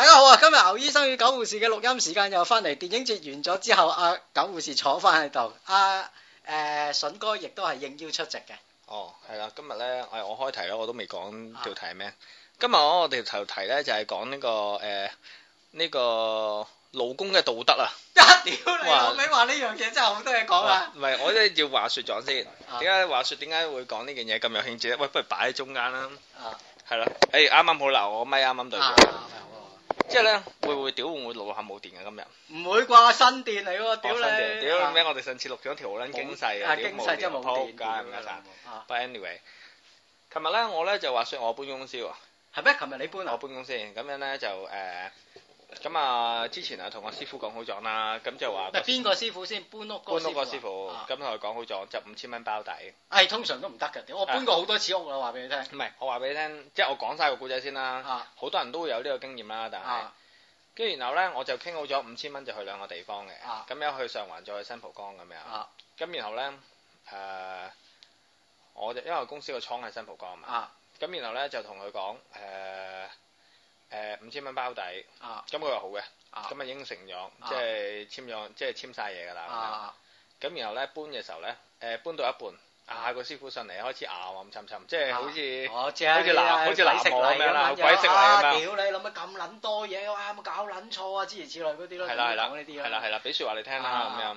大家好啊！今日牛醫生與狗護士嘅錄音時間又翻嚟，電影節完咗之後，阿狗護士坐翻喺度，阿誒笋哥亦都係應邀出席嘅。哦，係啦，今日咧，誒，我開題啦，我都未講條題係咩？啊、今日我哋頭題咧就係講呢個誒呢、欸這個勞工嘅道德、 哎、啊！啊，屌你老味，話呢樣嘢真係好多嘢講啊！唔係，我都要話說咗先，點解話說點解會講呢件嘢咁有興致？喂，不如擺喺中間啦、啊欸啊。啊，係啦，誒，啱啱好留我咪啱啱對。即係咧，會唔會屌？會唔會錄下冇電㗎今日？唔會啩，新電嚟喎！屌咧，屌咩、哦？新電，我哋上次錄咗條冇撚經濟啊，經濟真係冇電。但係唔該曬。But anyway，琴日咧，我咧就話説我搬公司喎。係咩？琴日你搬啊？我搬公司，咁、啊、樣咧就誒。呃咁啊，之前啊同我師傅講好咗啦，咁就話，嗱邊個師傅先搬屋？搬屋個師傅，咁同佢講好咗，就五千蚊包底。係通常都唔得嘅，我搬過好多次屋啦，話俾你聽。唔係，我話俾你聽，即係我講晒個故仔先啦。好多人都會有呢個經驗啦，但係，跟住然後呢，我就傾好咗五千蚊，就去兩個地方嘅。咁樣去上環，再去新蒲崗。咁樣。咁然後呢，誒，我就因為公司個倉喺新蒲崗嘛。咁然後呢，就同佢講誒。誒五千蚊包底，咁佢話好嘅，咁咪應承咗，即係簽咗，即係簽晒嘢㗎啦。咁然後咧搬嘅時候咧，誒，搬到一半，啊，個師傅上嚟開始咬啊咁沉沉，即係好似好似藍好似食我咁樣啦，鬼食你咁樣。屌你諗乜咁撚多嘢嘅，哇！有冇搞撚錯啊？之類之類嗰啲咯，係啦係啦，呢啲咯。係啦係啦，俾説話你聽啦咁樣。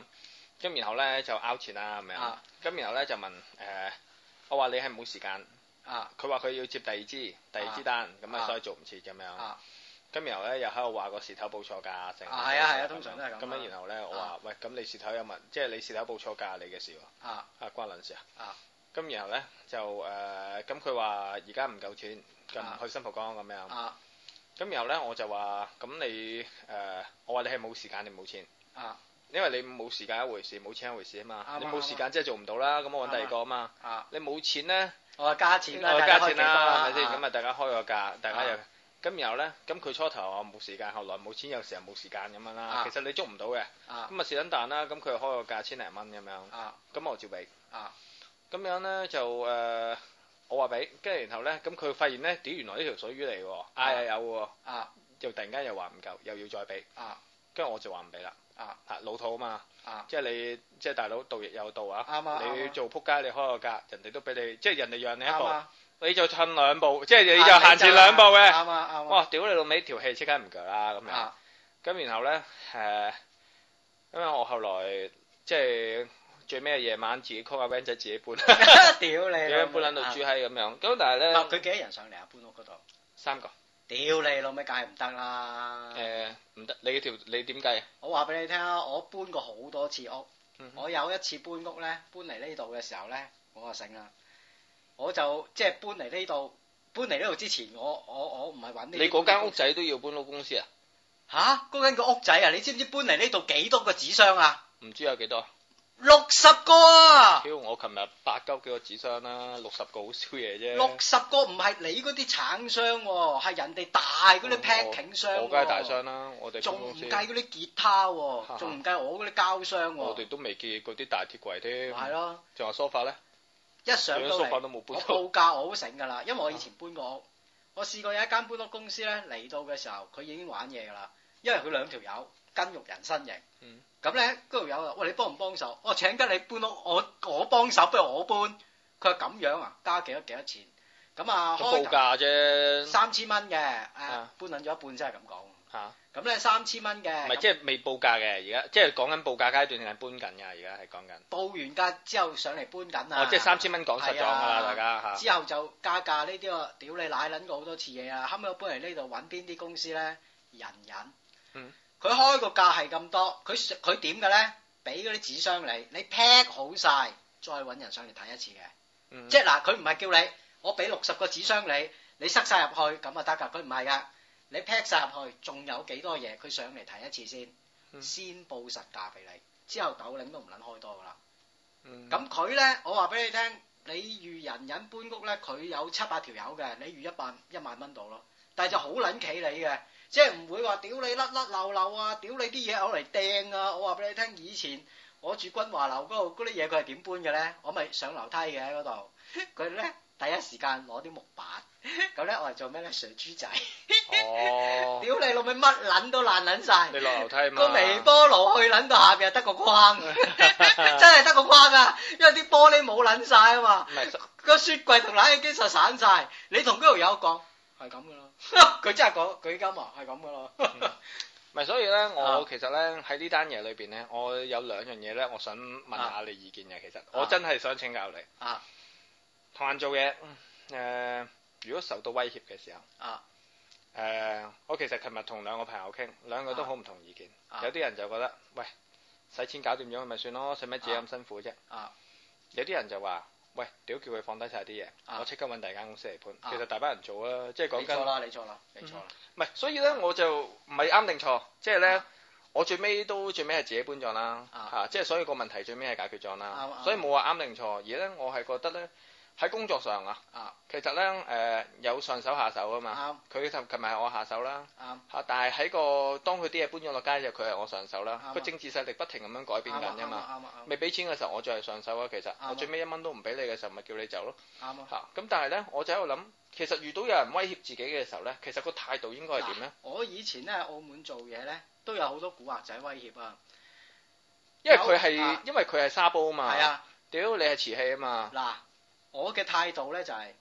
咁然後咧就拗錢啊咁樣，咁然後咧就問誒，我話你係冇時間。啊！佢話佢要接第二支第二支單，咁啊，所以做唔切咁樣。咁然後咧又喺度話個事頭報錯價，成啊，係啊，係啊，通常都係咁。咁樣然後咧，我話喂，咁你事頭有乜？即係你事頭報錯價，你嘅事啊，啊關輪事啊。咁然後咧就誒，咁佢話而家唔夠錢，就去新蒲崗咁樣。咁然後咧我就話咁你誒，我話你係冇時間你冇錢啊，因為你冇時間一回事，冇錢一回事啊嘛。你冇時間即係做唔到啦，咁我揾第二個啊嘛。你冇錢咧？我話加錢，我加錢啦，係咪先？咁啊，大家開個價，大家又咁，然後咧，咁佢初頭啊冇時間，後來冇錢有時候冇時間咁樣啦。其實你捉唔到嘅，咁啊蝕卵彈啦。咁佢又開個價千零蚊咁樣，咁我照俾。咁樣咧就誒，我話俾，跟住然後咧，咁佢發現咧，屌原來呢條水魚嚟喎，啊有喎，就突然間又話唔夠，又要再俾，跟住我就話唔俾啦，啊老土嘛。啊、即係你，即係大佬，道亦有道啊！啱啊！你做仆街，你開個價，啊、人哋都俾你，即係人哋讓你一步，啊、你就趁兩步，即係你就行前兩步嘅。啱啊啱、啊、哇！屌你老尾條氣，即刻唔夠啦咁樣。咁、啊、然後咧，誒、呃，咁我後來即係最尾夜晚自己 call 阿 van 仔，自己搬。啊、屌你老母！自己搬喺度住喺咁樣。咁、啊、但係咧，佢幾多人上嚟啊？搬屋嗰度？三個。屌你老味，梗係唔得啦！誒，唔得，欸，你條你點計？我話俾你聽啊，我搬過好多次屋，嗯、哼我有一次搬屋咧，搬嚟呢度嘅時候咧，我就醒啦，我就，我就即係搬嚟呢度，搬嚟呢度之前，我我我唔係揾你嗰間屋仔都要搬屋公司啊！嚇，嗰間屋仔啊，你知唔知搬嚟呢度幾多個紙箱啊？唔知有幾多？六十個啊！屌，我琴日八九幾個紙箱啦，六十個好少嘢啫。六十個唔係你嗰啲橙箱、啊，係人哋大嗰啲 packing 箱、啊嗯。我梗係大箱啦、啊，我哋仲唔計嗰啲吉他、啊，仲唔計我嗰啲膠箱。我哋都未見嗰啲大鐵櫃添。係咯。仲有梳化咧？一上嚟，梳化都冇搬到，我報價我好醒噶啦，因為我以前搬過屋，我試過有一間搬屋公司咧嚟到嘅時候，佢已經玩嘢噶啦，因為佢兩條友。筋肉人身形，咁咧嗰度有啦，喂你幫唔幫手？我請緊你搬屋，我我幫手，不如我搬。佢話咁樣啊，加幾多幾多錢？咁啊，報價啫，三千蚊嘅，誒、啊，啊、搬捻咗一半先係咁講。吓、啊，咁咧三千蚊嘅，唔係即係未報價嘅，而家即係講緊報價階段定係搬緊噶、啊？而家係講緊。報完價之後上嚟搬緊啊，啊！即係三千蚊講實咗噶啦，大家吓。啊、之後就加價呢啲個屌你奶奶捻過好多次嘢啊。啊後尾我搬嚟呢度揾邊啲公司咧，人人，人。嗯。佢開個價係咁多，佢佢點嘅咧？俾嗰啲紙箱你，你 pack 好晒，再揾人上嚟睇一次嘅。Mm hmm. 即係嗱，佢唔係叫你，我俾六十個紙箱你，你塞晒入去咁啊得㗎。佢唔係㗎，你 pack 晒入去，仲有幾多嘢？佢上嚟睇一次先，mm hmm. 先報實價俾你，之後斗零都唔撚開多㗎啦。咁佢咧，我話俾你聽，你預人人搬屋咧，佢有七八條友嘅，你預一萬一萬蚊到咯。但係就好撚企你嘅，即係唔會話屌你甩甩漏漏啊！屌你啲嘢攞嚟掟啊！我話俾你聽，以前我住君華樓嗰度嗰啲嘢，佢係點搬嘅咧？我咪上樓梯嘅喺嗰度，佢咧第一時間攞啲木板，咁咧我嚟做咩咧？上豬仔，屌、哦、你老味，乜撚都爛撚曬，你落樓梯嘛，個微波爐去撚到下邊，得個框， 真係得個框啊！因為啲玻璃冇撚晒啊嘛，個是雪櫃同冷氣機實散晒。你同嗰條友講。係咁噶啦，佢真係講佢舉家啊，係咁噶啦。咪所以咧，我其實咧喺呢單嘢裏邊咧，我有兩樣嘢咧，我想問下你意見嘅。其實我真係想請教你。啊，同人做嘢，誒，如果受到威脅嘅時候，啊，誒，我其實琴日同兩個朋友傾，兩個都好唔同意見。有啲人就覺得，喂，使錢搞掂咗咪算咯，使乜自己咁辛苦啫。啊，有啲人就話。喂，屌！叫佢放低晒啲嘢，我即刻揾第二間公司嚟搬。啊、其實大班人做啦、啊，即係講緊。你錯啦，你錯啦，你、嗯、錯啦。唔、就、係，所以呢，我就唔係啱定錯，即係呢，我最尾都最尾係自己搬咗啦嚇，即係所以個問題最尾係解決咗啦，啊、所以冇話啱定錯，而呢，我係覺得呢。喺工作上啊，其實咧誒有上手下手啊嘛，佢同同埋我下手啦，嚇。但係喺個當佢啲嘢搬咗落街之後，佢係我上手啦。佢政治勢力不停咁樣改變緊啊嘛。未俾錢嘅時候，我再係上手啊。其實我最尾一蚊都唔俾你嘅時候，咪叫你走咯。嚇咁，但係咧，我就喺度諗，其實遇到有人威脅自己嘅時候咧，其實個態度應該係點咧？我以前咧喺澳門做嘢咧，都有好多古惑仔威脅啊。因為佢係因為佢係沙煲啊嘛，屌你係瓷器啊嘛。嗱我嘅態度咧就係、是、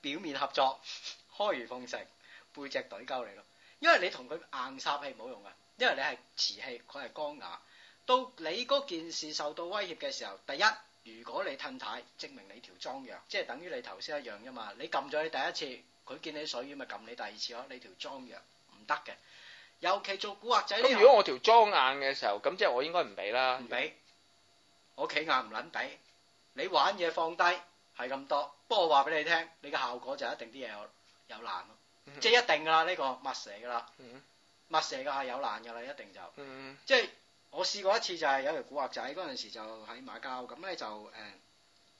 表面合作， 開如鳳城，背脊㨃鳩你咯。因為你同佢硬殺係冇用嘅，因為你係瓷器，佢係缸瓦。到你嗰件事受到威脅嘅時候，第一，如果你褪軚，軚，證明你條莊弱，即係等於你頭先一樣啫嘛。你撳咗你第一次，佢見你水魚，咁咪撳你第二次咯。你條莊弱唔得嘅，尤其做古惑仔。咁如果我條莊硬嘅時候，咁即係我應該唔俾啦。唔俾給，嗯、我企硬唔撚俾。你玩嘢放低係咁多，不過我話俾你聽，你嘅效果就一定啲嘢有有難咯，即係一定㗎啦，呢、這個擘蛇㗎啦，擘、嗯、蛇嘅係有難㗎啦，一定就，嗯、即係我試過一次就係、是、有條古惑仔嗰陣時就喺馬交咁咧就誒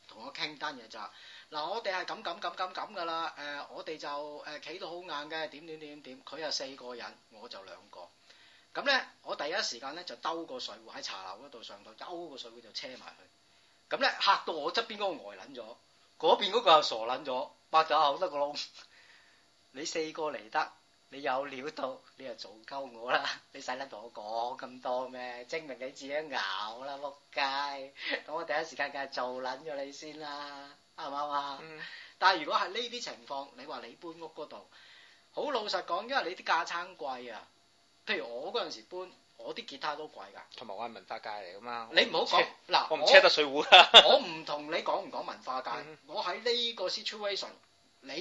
同、嗯、我傾單嘢就，嗱我哋係咁咁咁咁咁㗎啦，誒我哋就誒企到好硬嘅點點點點，佢有四個人我就兩個，咁、嗯、咧我第一時間咧就兜個水壺喺茶樓嗰度上台兜個水壺就車埋去。咁咧嚇到我側邊嗰個呆撚咗，嗰邊嗰個又傻撚咗，擘咗口得個窿。你四個嚟得，你有料到你又做鳩我啦！你使得同我講咁多咩？證明你自己牛啦，撲街！咁 我第一時間梗係做撚咗你先啦，啱唔啱呀？嗯、但係如果係呢啲情況，你話你搬屋嗰度，好老實講，因為你啲架撐貴啊。譬如我嗰陣時搬。我啲吉他都貴㗎，同埋我係文化界嚟㗎嘛。你唔好講嗱，我唔車得水壺。 我唔同你講唔講文化界，mm hmm. 我喺呢個 situation，你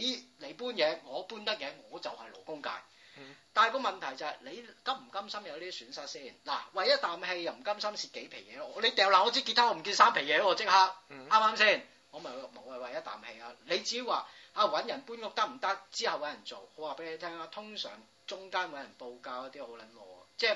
嚟搬嘢，我搬得嘢，我就係勞工界。Mm hmm. 但係個問題就係你甘唔甘心有呢啲損失先？嗱，為一啖氣又唔甘心蝕幾皮嘢咯？你掉爛我支吉他，我唔見三皮嘢咯，即刻啱啱先？我咪冇謂為一啖氣啊！你只要話啊，揾人搬屋得唔得？之後揾人做，我話俾你聽啊，通常中間揾人報價嗰啲好撚攞啊，即係。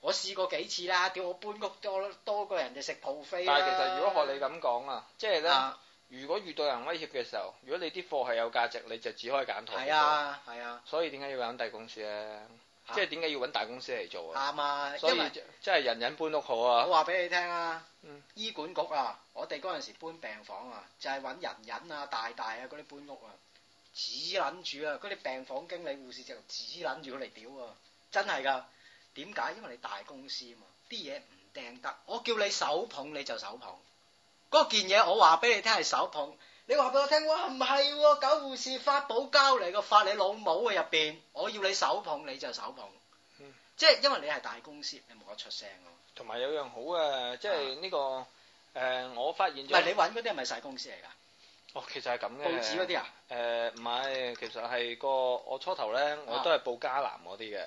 我試過幾次啦，叫我搬屋多多過人就食 buffet 啦。但係其實如果學你咁講啊，即係咧，啊、如果遇到人威脅嘅時候，如果你啲貨係有價值，你就只可以揀台。係啊係啊。啊所以點解要揾大公司咧？即係點解要揾大公司嚟做啊？啱啊，所以即係為人人搬屋好啊。我話俾你聽啊，嗯、醫管局啊，我哋嗰陣時搬病房啊，就係、是、揾人人啊、大大啊嗰啲搬屋啊，只捻住啊，嗰啲病房經理、護士就只捻住佢嚟屌啊，啊真係噶。 點解？因為你大公司啊嘛，啲嘢唔掟得。我叫你手捧你就手捧，嗰件嘢我話俾你聽係手捧。你話俾我聽，我話唔係，九護士發保膠嚟個發你老母入邊。我要你手捧你就手捧，即係因為你係大公司，你冇得出聲咯。同埋有樣好嘅，即係呢個誒，我發現。唔係你揾嗰啲係咪細公司嚟㗎？哦，其實係咁嘅。報紙嗰啲啊？誒唔係，其實係個我初頭咧，我都係報嘉南嗰啲嘅。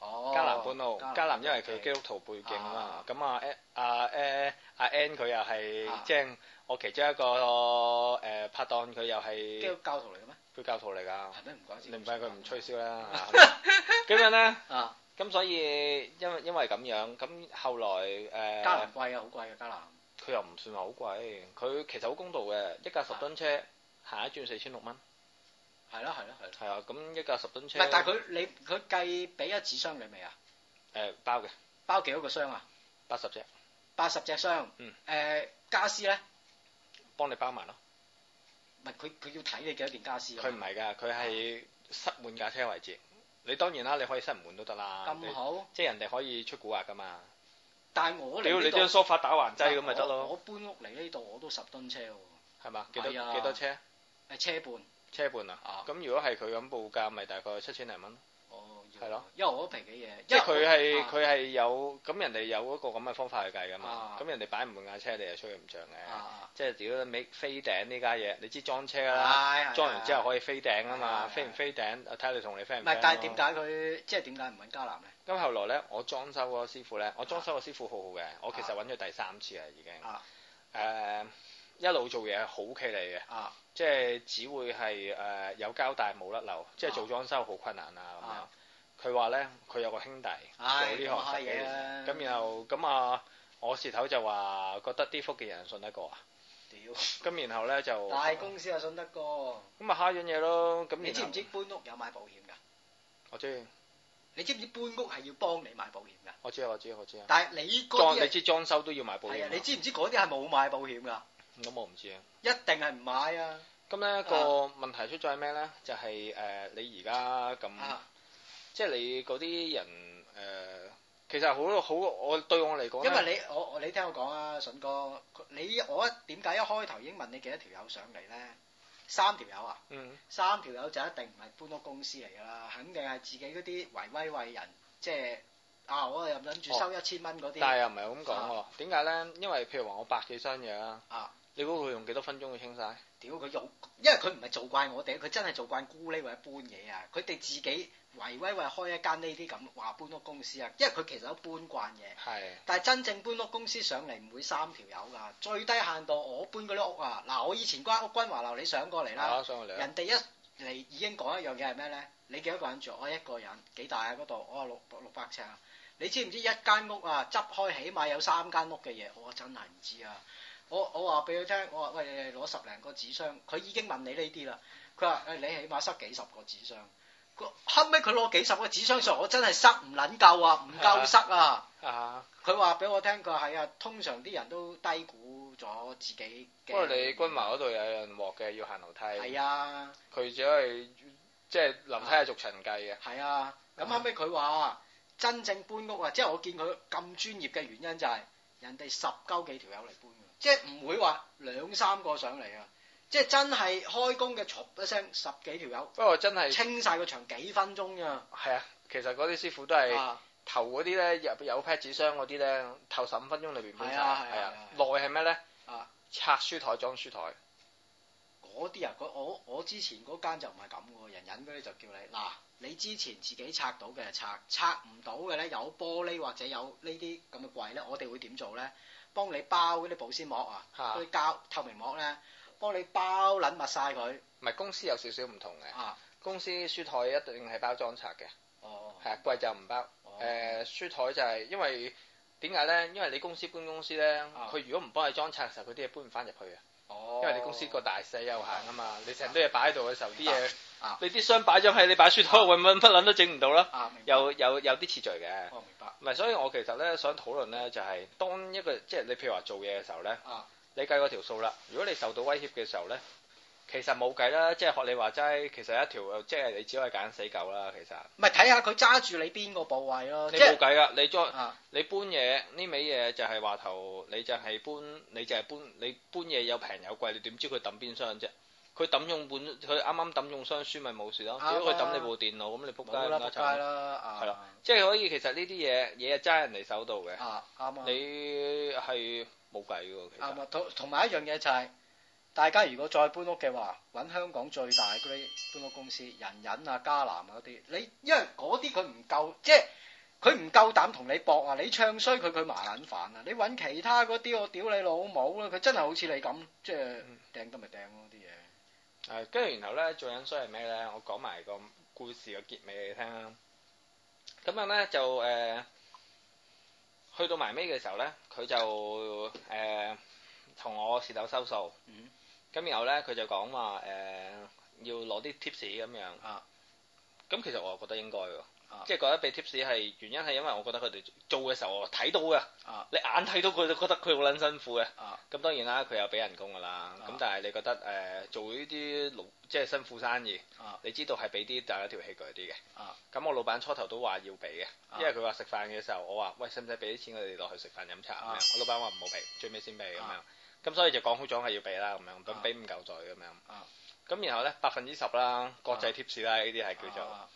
哦，迦南半路，迦南因為佢基督徒背景啊嘛，咁啊阿阿阿 N 佢又係即係我其中一個誒拍檔，佢又係基督教徒嚟嘅咩？佢教徒嚟噶你唔怪佢唔吹噓啦。咁樣咧，咁所以因為因為咁樣，咁後來誒，迦南貴啊，好貴啊，迦南。佢又唔算話好貴，佢其實好公道嘅，一架十噸車行一轉四千六蚊。係咯係咯係。係啊，咁一架十噸車。但係佢，你佢計俾一紙箱你未啊？誒，包嘅，包幾多個箱啊？八十隻。八十隻箱。嗯。誒，家私咧？幫你包埋咯。係，佢佢要睇你幾多件家私。佢唔係噶，佢係塞滿架車位置。你當然啦，你可以塞唔滿都得啦。咁好。即係人哋可以出蠱惑噶嘛？但係我屌你張梳化打橫擠咁咪得咯？我搬屋嚟呢度，我都十噸車喎。係嘛？係啊。幾多車？誒，車半。車半啊，咁如果係佢咁報價，咪大概七千零蚊咯。哦，係咯，因為我平嘅嘢。因為佢係佢係有咁人哋有嗰個咁嘅方法去計噶嘛。咁人哋擺唔滿架車，你又出去唔漲嘅。即係屌，果飛頂呢家嘢，你知裝車噶啦，裝完之後可以飛頂啊嘛。飛唔飛頂，睇下你同你飛唔飛。唔係，但係點解佢即係點解唔揾加南咧？咁後來咧，我裝修嗰個師傅咧，我裝修個師傅好好嘅，我其實揾咗第三次啊已經。啊，誒，一路做嘢好企理嘅。啊。即係只會係誒有交帶冇甩漏，即係做裝修好困難啊咁樣。佢話咧，佢有個兄弟做呢行嘅。咁然後咁啊，我舌頭就話覺得啲福建人信得過啊。屌！咁然後咧就，大公司又信得過。咁咪下樣嘢咯？咁你知唔知搬屋有買保險㗎？我知。你知唔知搬屋係要幫你買保險㗎？我知，我知，我知。但係你嗰啲裝，你知裝修都要買保險㗎？你知唔知嗰啲係冇買保險㗎？咁我唔知啊！一定係唔買啊！咁咧個問題出在咩咧？就係誒你而家咁，即係你嗰啲人誒，其實好好，我對我嚟講咧，因為你我你聽我講啊，順哥，你我點解一開頭已經問你幾多條友上嚟咧？三條友啊，嗯，三條友就一定唔係搬屋公司嚟噶啦，肯定係自己嗰啲為威為人，即係啊！我又諗住收一千蚊嗰啲。但係又唔係咁講喎？點解咧？因為譬如話我百幾箱嘢啦。你估佢用幾多分鐘去清曬？屌佢用，因為佢唔係做慣我哋，佢真係做慣咕喱或搬嘢啊！佢哋自己威威話開一間呢啲咁話搬屋公司啊，因為佢其實都搬慣嘢。係的。但係真正搬屋公司上嚟唔會三條友㗎，最低限度我搬嗰啲屋啊，嗱我以前關屋君華樓，你上過嚟啦。上過嚟。人哋一嚟已經講一樣嘢係咩咧？你幾多個人住？我、哦、一個人，幾大啊嗰度？我六六百尺啊！你知唔知一間屋啊，執開起碼有三間屋嘅嘢？我真係唔知啊！我我話俾佢聽，我話喂，攞十零個紙箱，佢已經問你呢啲啦。佢話誒你起碼塞幾十個紙箱。後尾佢攞幾十個紙箱數，我真係塞唔撚夠啊，唔夠塞啊。佢話俾我聽，佢話係啊，通常啲人都低估咗自己。不過你君華嗰度有人鑊嘅，要行樓梯。係啊。佢只係即係樓梯係逐層計嘅。係啊。咁、啊、後尾佢話真正搬屋啊，即係我見佢咁專業嘅原因就係、是、人哋十鳩幾條友嚟搬。即係唔會話兩三個上嚟啊！即係真係開工嘅，嘈一聲十幾條友，不過真係清晒個場幾分鐘咋。係啊，其實嗰啲師傅都係、啊，頭嗰啲咧入有批紙箱嗰啲咧，頭十五分鐘裏邊搬晒。係啊係啊，內係咩咧？啊，拆書台裝書台。嗰啲啊。我我之前嗰間就唔係咁噶，人引嗰啲就叫你嗱，你之前自己拆到嘅拆，拆唔到嘅咧有玻璃或者有呢啲咁嘅櫃咧，我哋會點做咧？幫你包嗰啲保鮮膜啊，嗰啲是的 膠透明膜咧，幫你包撚密晒。佢。唔係公司有少少唔同嘅。啊。公司書枱一定係包裝拆嘅。哦。係啊，櫃就唔包。哦。誒、呃、書枱就係、是、因為點解咧？因為你公司搬公司咧，佢、啊、如果唔幫你裝拆嘅時候，佢啲嘢搬唔翻入去啊。哦。因為你公司個大細有限啊嘛，嗯、你成日都嘢擺喺度嘅時候啲嘢。嗯嗯嗯嗯嗯。啊、你啲箱擺咗喺你擺書台，為乜乜撚都整唔到咧、啊？有有有啲次序嘅。我明白。唔係，所以我其實咧想討論咧就係、是，當一個即係你譬如話做嘢嘅時候咧，啊、你計嗰條數啦。如果你受到威脅嘅時候咧，其實冇計啦。即係學你話齋，其實一條即係你只可以揀死狗啦。其實唔係睇下佢揸住你邊個部位咯即。你冇計噶，你裝、啊、你搬嘢呢味嘢就係話頭，你就係搬，你就係搬，搬，你搬嘢有平有貴，你點知佢揼邊箱啫？佢抌用本，佢啱啱抌用雙書咪冇事咯。如果佢抌你部電腦，咁你仆街唔得。仆街啦，啊！係啦，即係可以其實呢啲嘢嘢啊揸人哋手度嘅。啱啊！你係冇計喎，啱啊，同埋一樣嘢就係，大家如果再搬屋嘅話，揾香港最大嗰啲搬屋公司，人人啊、嘉南嗰、啊、啲，你因為嗰啲佢唔夠，即係佢唔夠膽同你搏啊！你唱衰佢佢麻捻煩啊！你揾其他嗰啲我屌你老母啊。佢真係好似你咁，即係掟得咪掟啲嘢。誒，跟住、嗯、然後咧，最緊要係咩咧？我講埋個故事嘅結尾畀你聽啦。咁樣咧就誒、呃，去到埋尾嘅時候咧，佢就誒同、呃、我事頭收數，咁然後咧佢就講話誒要攞啲 tips 咁樣。啊，咁其實我覺得應該即係覺得俾貼士係原因係因為我覺得佢哋做嘅時候我睇到嘅，你眼睇到佢都覺得佢好撚辛苦嘅，咁當然啦佢又俾人工噶啦，咁但係你覺得誒做呢啲老即係辛苦生意，你知道係俾啲大家條氣嗰啲嘅，咁我老闆初頭都話要俾嘅，因為佢話食飯嘅時候我話喂，使唔使俾啲錢佢哋落去食飯飲茶？我老闆話唔好俾，最尾先俾咁樣，咁所以就講好咗係要俾啦咁樣，等俾唔夠再咁樣，咁然後呢，百分之十啦，國際貼士啦呢啲係叫做。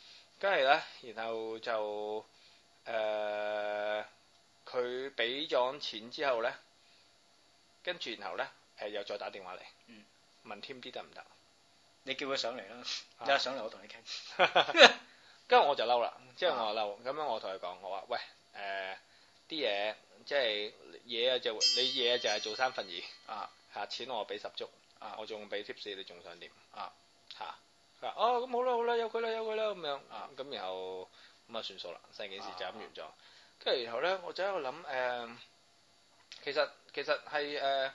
梗係啦，然後就誒佢俾咗錢之後咧，跟住然後咧誒、呃、又再打電話嚟，問添啲得唔得？你叫佢上嚟啦，你啊上嚟我同你傾。跟住我就嬲啦，即係我嬲，咁樣我同佢講，我話喂誒啲嘢即係嘢啊就你嘢就係做三份二啊，嚇錢我俾十足啊，我仲俾貼士，你、啊，仲想點啊嚇？哦，咁好啦好啦，有佢啦有佢啦，咁樣咁然後咁啊算數啦，成件事就咁完咗。跟住然後咧，我就喺度諗誒，其實其實係誒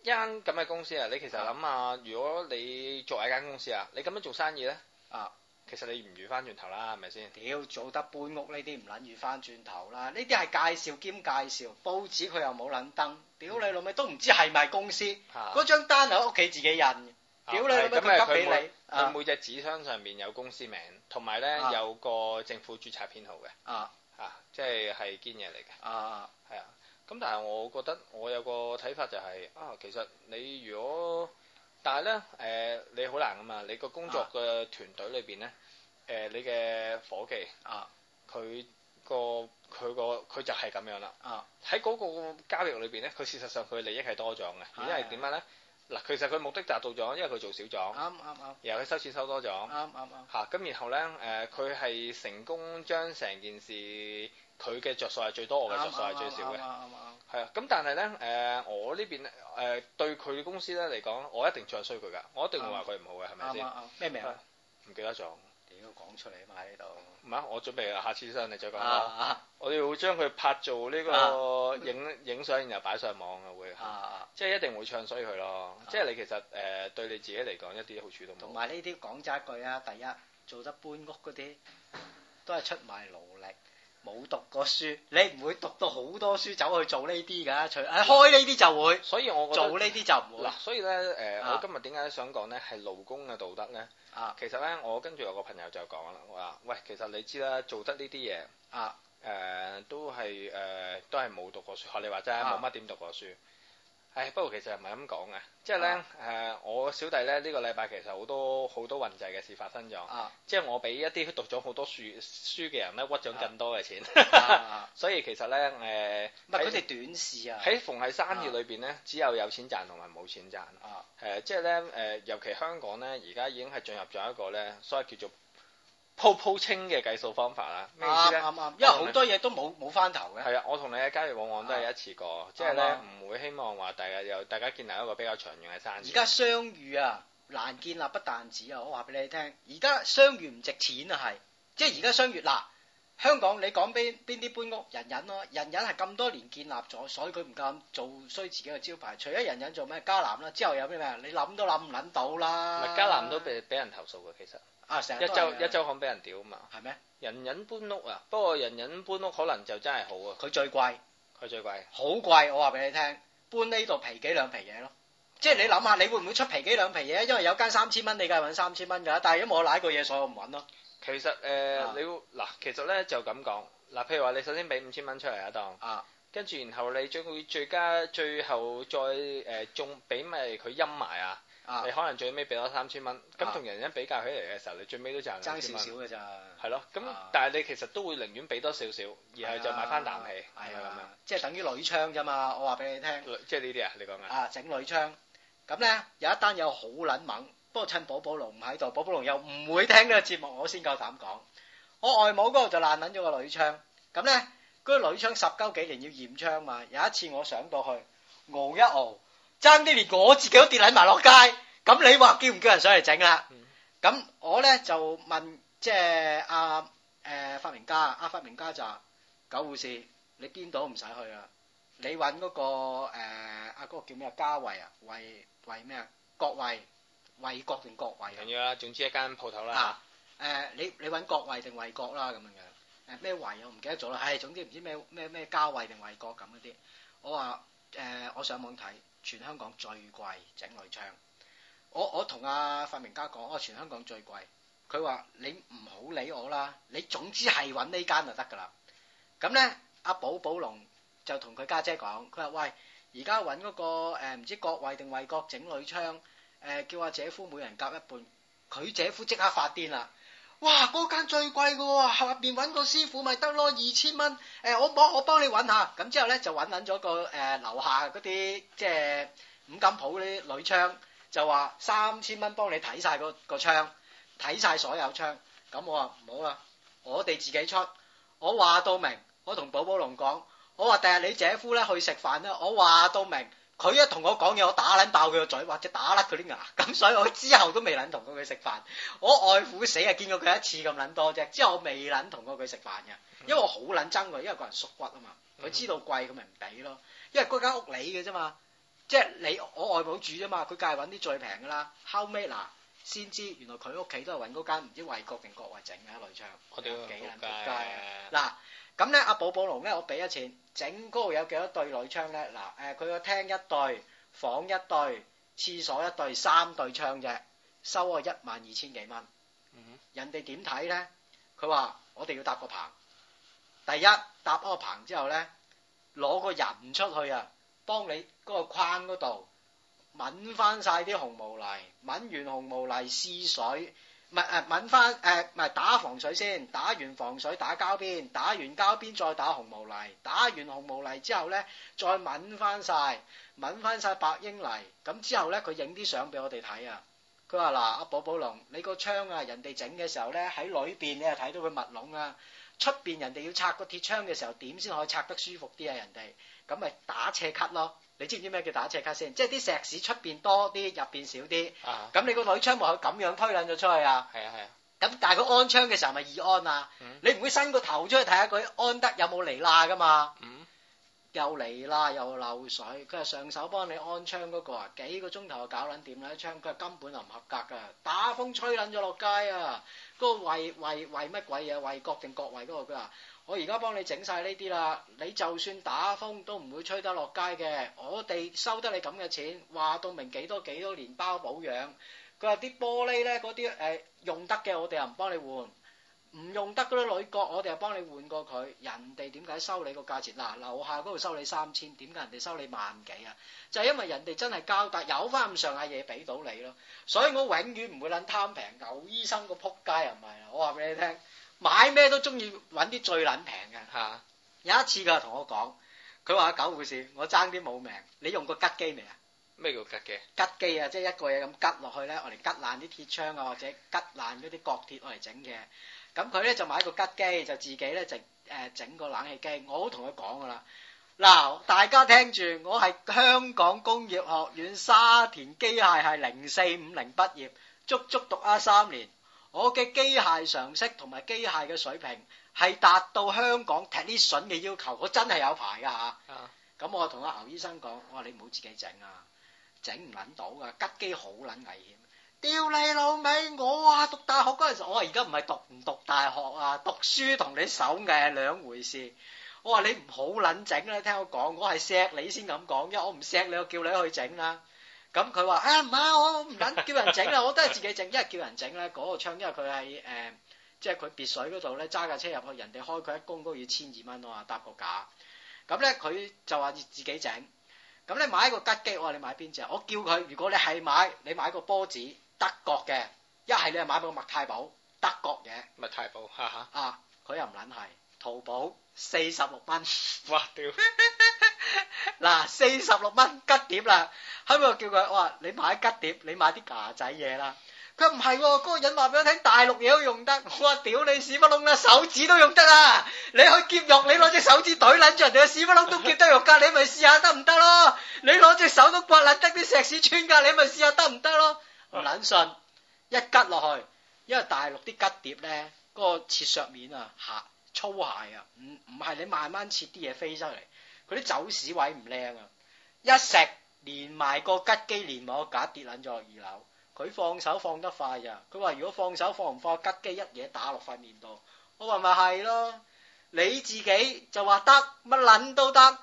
一間咁嘅公司啊。你其實諗下，如果你做一間公司啊，你咁樣做生意咧，啊，其實你唔預翻轉頭啦，係咪先？屌做得搬屋呢啲唔捻預翻轉頭啦，呢啲係介紹兼介紹，報紙佢又冇捻登，屌你老味都唔知係咪公司，嗰張單係屋企自己印，屌你老味佢給俾你。佢每隻紙箱上面有公司名，同埋咧有個政府註冊編號嘅，啊，嚇、啊，即係係堅嘢嚟嘅，啊，係啊，咁但係我覺得我有個睇法就係、係、啊，其實你如果，但係咧，誒、呃、你好難噶嘛，你個工作嘅團隊裏邊咧，誒、啊呃、你嘅伙計，啊，佢個、佢個、佢就係咁樣啦，啊，喺嗰個交易裏邊咧，佢事實上佢嘅利益係多咗嘅，原因係點解咧？嗱，其實佢目的達到咗，因為佢做少咗，啱啱啱，然後佢收錢收多咗，啱啱啱，嚇， 咁然後咧，誒，佢係成功將成件事，佢嘅着數係最多，我嘅着數係最少嘅，啱啱啱，係 啊樂，咁但係咧，誒，我呢邊誒對佢公司咧嚟講，我一定著衰佢㗎，我一定會話佢唔好嘅，係咪先？咩名？唔記得咗。都講出嚟嘛，喺呢度，唔係，我準備下次上嚟再講，我哋會將佢拍做呢個影影相，然後擺上網嘅會，即係一定會唱衰佢咯。即係你其實誒，對你自己嚟講一啲好處都冇。同埋呢啲講齋一句啊，第一做得搬屋嗰啲，都係出賣勞力，冇讀過書，你唔會讀到好多書走去做呢啲噶，除開呢啲就會。所以我做呢啲就唔會。嗱，所以咧，誒，我今日點解想講咧，係勞工嘅道德咧？啊，其實咧，我跟住我個朋友就講啦，我話：「喂，其實你知啦，做得呢啲嘢，啊，誒、呃，都係誒、呃，都係冇讀過書。啊」學你話齋冇乜點讀過書。唉，不過其實唔係咁講嘅，即係咧誒，我小弟咧呢、這個禮拜其實好多好多運滯嘅事發生咗，啊、即係我俾一啲讀咗好多書書嘅人咧屈咗更多嘅錢，所以其實咧誒，唔係佢短視啊，喺逢係生意裏邊咧，只有有錢賺同埋冇錢賺，誒、啊啊呃，即係咧誒，尤其香港咧，而家已經係進入咗一個咧，所謂叫做。鋪鋪清嘅計數方法啦，咩意思咧、嗯嗯？因為好多嘢都冇冇返頭嘅。係啊， 我同你嘅交易往往都係一次過，啊、即係咧唔會希望話大家又大家建立一個比較長遠嘅生意。而家商譽啊，難建立不但止啊，我話俾你聽，而家商譽唔值錢啊，係，即係而家商譽嗱，香港你講邊邊啲搬屋，人人咯、啊，人人係咁多年建立咗，所以佢唔敢做衰自己嘅招牌。除咗人人做咩？迦南啦，之後有咩咩？你諗都諗唔諗到啦、啊。唔係迦南都被俾人投訴嘅，其實。啊！成一周一週講俾人屌嘛，係咩嗎？人人搬屋啊，不過人人搬屋可能就真係好啊，佢最貴，佢最貴，好貴！我話俾你聽，搬呢度皮幾兩皮嘢咯，嗯、即係你諗下，你會唔會出皮幾兩皮嘢？因為有間三千蚊，你梗係搵三千蚊噶，但係因為我瀨過嘢，所以我唔搵咯。其實誒，你嗱，其實咧就咁講嗱，譬如話你首先俾五千蚊出嚟一檔，跟住、啊、然後你最會最佳最後再誒中俾咪佢陰埋啊？呃還還啊、你可能最尾俾多三千蚊，咁同、啊、人一比較起嚟嘅時候，你最尾都賺爭少少嘅咋？係咯，咁、啊、但係你其實都會寧願俾多少少，然後就買翻啖氣，係啊，咁樣即係等於女槍啫嘛。我話俾你聽，即係呢啲啊，你講啊，整女槍。咁咧有一單有好撚猛，不過趁寶寶龍唔喺度，寶寶龍又唔會聽呢個節目，我先夠膽講。我外母嗰度就爛撚咗個女槍。咁咧嗰個女槍十鳩幾年要驗槍嘛？有一次我上到去，傲一傲。爭啲連我自己都跌捻埋落街，咁你話叫唔叫人上嚟整啦？咁我咧就問，即係阿誒發明家，阿發明家就狗護士，你邊度唔使去啦？你搵嗰個誒阿嗰個叫咩啊？家衛啊，衛衛咩啊？國衛，衛國定國衛？唔緊要啦，總之一間鋪頭啦。誒，你你搵國衛定衛國啦？咁樣樣誒，咩衛我唔記得咗啦。唉，總之唔知咩咩咩家衛定衛國咁嗰啲。我話誒，我上網睇。全香港最貴整鋁窗，我我同阿發明家講，我全香港最貴，佢話你唔好理我啦，你總之係揾呢間就得㗎啦。咁呢，阿、啊、寶寶龍就同佢家姐講，佢話：喂，而家揾嗰個唔、呃、知國衛定衛國整鋁窗，誒、呃、叫阿、啊、姐夫每人夾一半，佢姐夫即刻發癲啦！哇！嗰間最貴嘅喎，喺入邊揾個師傅咪得咯，二千蚊。誒、欸，我幫我幫你揾下，咁之後咧就揾揾咗個誒樓、呃、下嗰啲即係五金鋪啲鋁窗，就話三千蚊幫你睇晒個個窗，睇晒所有窗。咁我話唔好啦，我哋自己出。我話到明，我同寶寶龍講，我話第日你姐夫咧去食飯啦，我話到明。佢一同我講嘢，我打撚爆佢個嘴，或者打甩佢啲牙，咁所以我之後都未撚同過佢食飯。我外父死啊，見過佢一次咁撚多啫，之後我未撚同過佢食飯嘅，因為我好撚憎佢，因為個人縮骨啊嘛。佢知道貴，咁咪唔俾咯。因為嗰間屋你嘅啫嘛，即係你我外母住啫嘛，佢梗係揾啲最平噶啦。後尾嗱先知，原來佢屋企都係揾嗰間唔知為國定國為整嘅雷槍，幾撚㗎嗱。啊咁咧，阿寶寶龍咧，我俾咗錢，整嗰有幾多對鋁窗咧？嗱，誒、呃，佢個廳一對，房一對，廁所一對，三對窗啫，收我一萬二千幾蚊。嗯、哼人哋點睇咧？佢話我哋要搭個棚。第一搭嗰個棚之後咧，攞個人出去啊，當你嗰個框嗰度掹翻晒啲紅毛泥，掹完紅毛泥試水。唔係誒，揾翻誒，唔係打防水先，打完防水打膠邊，打完膠邊再打紅毛泥，打完紅毛泥之後咧，再揾翻晒，揾翻晒白英泥，咁之後咧，佢影啲相俾我哋睇啊！佢話嗱，阿寶寶龍，你個窗啊，人哋整嘅時候咧，喺裏邊你係睇到佢密籠啊，出邊人哋要拆個鐵窗嘅時候點先可以拆得舒服啲啊？人哋咁咪打斜咳咯。你知唔知咩叫打斜卡先？即係啲石屎出邊多啲，入邊少啲。啊！咁你個女窗門係咁樣推捻咗出去啊？係啊係啊。咁但係佢安窗嘅時候咪易安啊？你唔會伸個頭出去睇下佢安得有冇嚟罅噶嘛？嗯，又嚟罅又漏水。佢係上手幫你安窗嗰個啊，幾個鐘頭就搞捻掂啦啲窗。佢係根本就唔合格噶，打風吹捻咗落街啊！嗰個衛衛衛乜鬼嘢、啊、衛國定國衛嗰、個佢啊？我而家幫你整晒呢啲啦，你就算打風都唔會吹得落街嘅。我哋收得你咁嘅錢，話到明幾多幾多年包保養。佢話啲玻璃咧，嗰啲誒用得嘅，我哋又唔幫你換；唔用得嗰啲鋁角，我哋又幫你換過佢。人哋點解收你個價錢？嗱、啊，樓下嗰度收你三千，點解人哋收你萬幾啊？就係、是、因為人哋真係交代有翻咁上下嘢俾到你咯。所以我永遠唔會諗貪平，牛、呃、醫生個撲街又唔係，我話俾你聽。買咩都中意揾啲最捻平嘅，吓、啊、有一次佢就同我講，佢話，阿狗護士，我爭啲冇命，你用過吉機未啊？咩叫吉機？吉機啊，即係一個嘢咁吉落去咧，我哋吉爛啲鐵窗啊，或者吉爛嗰啲角鐵我嚟整嘅。咁佢咧就買個吉機，就自己咧就誒、呃、整個冷氣機。我都同佢講噶啦，嗱，大家聽住，我係香港工業學院沙田機械系零四五零畢業，足足讀啊三年。我嘅機械常識同埋機械嘅水平係達到香港踢啲筍嘅要求，我真係有排噶吓。咁、嗯、我同阿牛醫生講，我話你唔好自己整啊，整唔捻到啊，吉機好捻危險，屌你老味，我啊！讀大學嗰陣時，我而家唔係讀唔讀大學啊，讀書同你手藝係兩回事。我話你唔好捻整啦，聽我講，我係錫你先咁講，因為我唔錫你，我叫你去整啊。咁佢話啊唔係我唔撚叫人整啦，我都係自己整。一係叫人整咧嗰個窗，因為佢喺誒，即係佢別墅嗰度咧揸架車入去，人哋開佢一公都要千二蚊啊搭個架。咁咧佢就話要自己整。咁你買一個吉機，我話你買邊隻？我叫佢，如果你係買，你買個波子德國嘅，是是一係你係買個麥太保德國嘅。麥太保嚇嚇啊，佢又唔撚係。淘寶四十六蚊，哇屌嗱！ 四十六蚊吉碟啦，喺度叫佢，我話你買吉碟，你買啲架仔嘢啦。佢唔係嗰個人話俾我聽，大陸嘢都用得。我話屌你屎忽窿啦，手指都用得啊！你去揭肉，你攞隻手指懟捻住人哋嘅屎忽窿都揭得肉噶，你咪試下得唔得咯？你攞隻手都刮捻得啲石屎穿噶，你咪試下得唔得咯？啊、我捻信一吉落去，因為大陸啲吉碟咧，嗰、嗰個切削面啊，吓。粗鞋啊，唔唔係你慢慢切啲嘢飛上嚟，佢啲走屎位唔靚啊！一食連埋個吉機連我架跌捻咗落二樓，佢放手放得快呀、啊！佢話如果放手放唔放吉機一嘢打落塊面度，我話咪係咯，你自己就話得乜捻都得，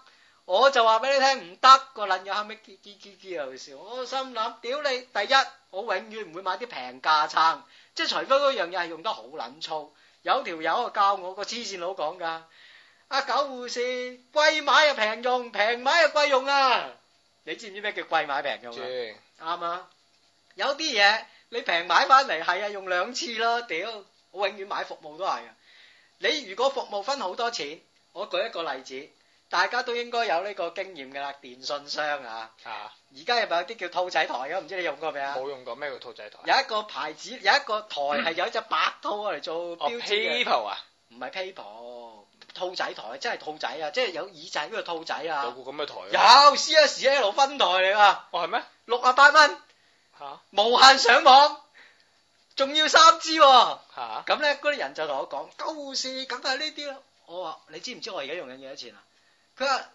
我就話俾你聽唔得個捻樣，後尾嘰嘰嘰嘰又笑，我心諗屌你！第一，我永遠唔會買啲平價撐，即係除非嗰樣嘢係用得好捻粗。有條友啊教我個黐線佬講噶，阿九護士貴買又平用，平買又貴用啊！你知唔知咩叫貴買平用？啊。啱對啊！有啲嘢，你平買翻嚟係啊用兩次咯。屌，我永遠買服務都係啊！你如果服務分好多錢，我舉一個例子。大家都應該有呢個經驗㗎啦，電信商啊，而家有冇啲叫兔仔台嘅？唔知你用過未啊？冇用過咩叫兔仔台？有，仔台有一個牌子，有一個台係有一隻白兔啊嚟做標誌嘅。唔係 PayPal 兔仔台真係兔仔啊！即係有耳仔嗰個兔仔啊。有個咁嘅台，啊。有 C S L 分台嚟，哦，元啊。哦，係咩？六啊八蚊，嚇，無限上網，仲要三 G 喎。咁咧，啊，嗰啲人就同我講：，狗護士梗係呢啲啦。我話你知唔知我而家用緊幾多錢啊？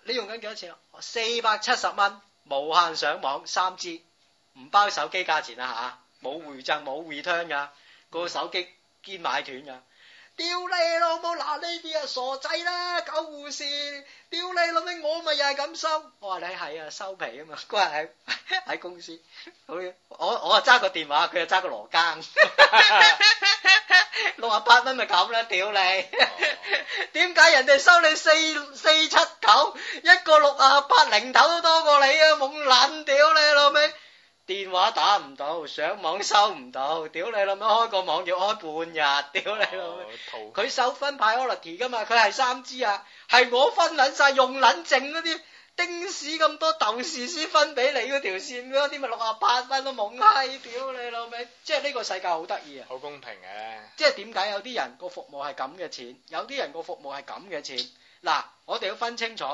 你用緊幾多錢？四百七十蚊，無限上網，三 G，唔包手機價錢啊。嚇，冇回贈，冇 return 噶，個手機堅買斷㗎、啊。屌、嗯、你老母，嗱呢啲啊傻仔啦，狗護士。屌你老味，我咪又係咁收。我話你係啊，收皮啊嘛。嗰日喺喺公司，好嘅，佢我我啊揸個電話，佢又揸個羅庚。 八蚊咪咁啦，屌你！點 解人哋收你四四七九一個六啊八零頭都多過你啊？懵撚屌你老味！電話打唔到，上網收唔到，屌你老味！開個網要開半日，屌你老味！佢收、哦、分派 quality 噶嘛，佢係 3G 啊，係我分撚晒，用撚剩嗰啲。釘屎咁多豆豉絲分俾你嗰條線嗰啲咪六啊八蚊都懵閪屌你老味！即係呢個世界好得意啊，好公平嘅。即係點解有啲人個服務係咁嘅錢，有啲人個服務係咁嘅錢？嗱，我哋要分清楚。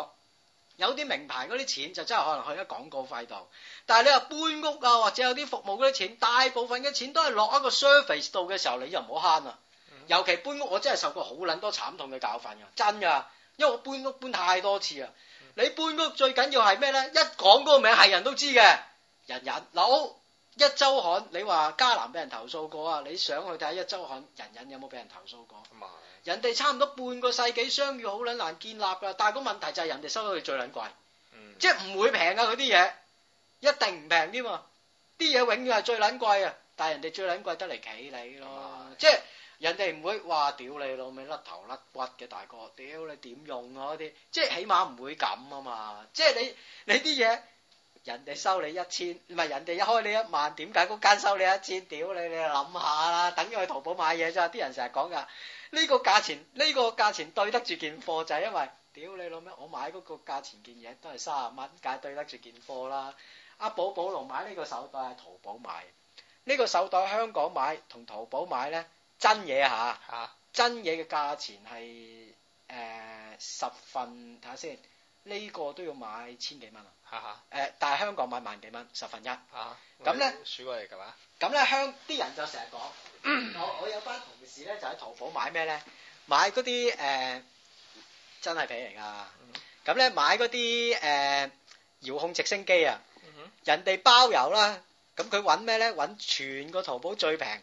有啲名牌嗰啲錢就真係可能去咗廣告費度，但係你話搬屋啊，或者有啲服務嗰啲錢，大部分嘅錢都係落一個 service 度嘅時候，你又唔好慳啦。尤其搬屋，我真係受過好撚多慘痛嘅教訓啊，真噶，因為我搬屋搬太多次啊。你搬屋最緊要係咩咧？一講嗰個名係人都知嘅，人人嗱好，一週刊你話嘉南俾人投訴過啊？你上去睇一週刊，人人有冇俾人投訴過？唔係，人哋差唔多半個世紀商譽好撚難建立噶，但係個問題就係人哋收得最撚貴，即係唔會平啊！嗰啲嘢一定唔平添嘛！啲嘢永遠係最撚貴啊，但係人哋最撚貴得嚟企你咯，即係。人哋唔會話屌你老味甩頭甩骨嘅大哥，屌你點用啊？嗰啲即係起碼唔會咁啊嘛！即係你你啲嘢人哋收你一千，唔係人哋一開你一萬，點解嗰間收你一千？屌你，你諗下啦，等於去淘寶買嘢啫。啲人成日講㗎呢個價錢，呢個價錢對得住件貨就係因為屌你老味，我買嗰個價錢件嘢都係三十蚊，梗係對得住件貨啦。阿、啊、寶寶龍買呢個手袋喺淘寶買，呢個手袋香港買同淘寶買咧。呢真嘢吓，啊、真嘢嘅價錢係誒、呃、十份，睇下先，呢、這個都要買千幾蚊啊！嚇誒、呃，但係香港買萬幾蚊，十分一嚇。咁咧、啊，呢啊、輸過嚟㗎嘛？咁咧，香啲人就成日講，我我有班同事咧就喺淘寶買咩咧？買嗰啲誒真係皮嚟㗎，咁咧、嗯、買嗰啲誒遙控直升機啊！嗯、人哋包郵啦，咁佢揾咩咧？揾全個淘寶最平。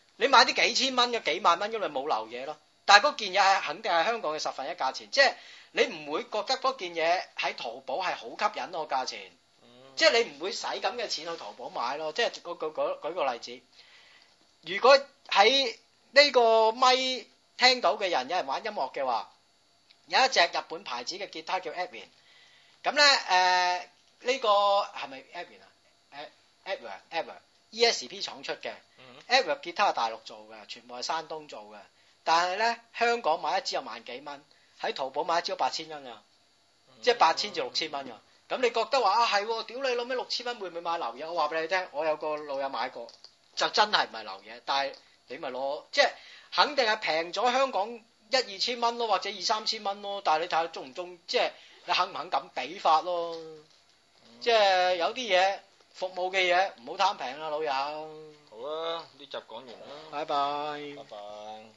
你買啲幾千蚊嘅、幾萬蚊，因為冇流嘢咯。但係嗰件嘢係肯定係香港嘅十分一價錢，即係你唔會覺得嗰件嘢喺淘寶係好吸引嗰個價錢，嗯、即係你唔會使咁嘅錢去淘寶買咯。即係嗰嗰舉個例子，如果喺呢個咪聽到嘅人有人玩音樂嘅話，有一隻日本牌子嘅吉他叫 Evan 咁咧誒呢、呃呢個係咪 Evan 啊 Evan，Evan，ESP 廠出嘅。Apple 吉他係大陸做嘅，全部係山東做嘅。但係咧，香港買一支有萬幾蚊，喺淘寶買一支有八千蚊啊，即係八千至六千蚊啊。咁你覺得話啊係，屌你攞咩六千蚊會唔會買流嘢？我話俾你聽，我有個老友買過，就真係唔係流嘢。但係你咪攞，即係肯定係平咗香港一二千蚊咯，或者二三千蚊咯。但係你睇下中唔中，即係你肯唔肯咁比法咯。即係有啲嘢服務嘅嘢唔好貪平啊，老友。好啊，呢集講完啦，啊。拜拜。拜拜。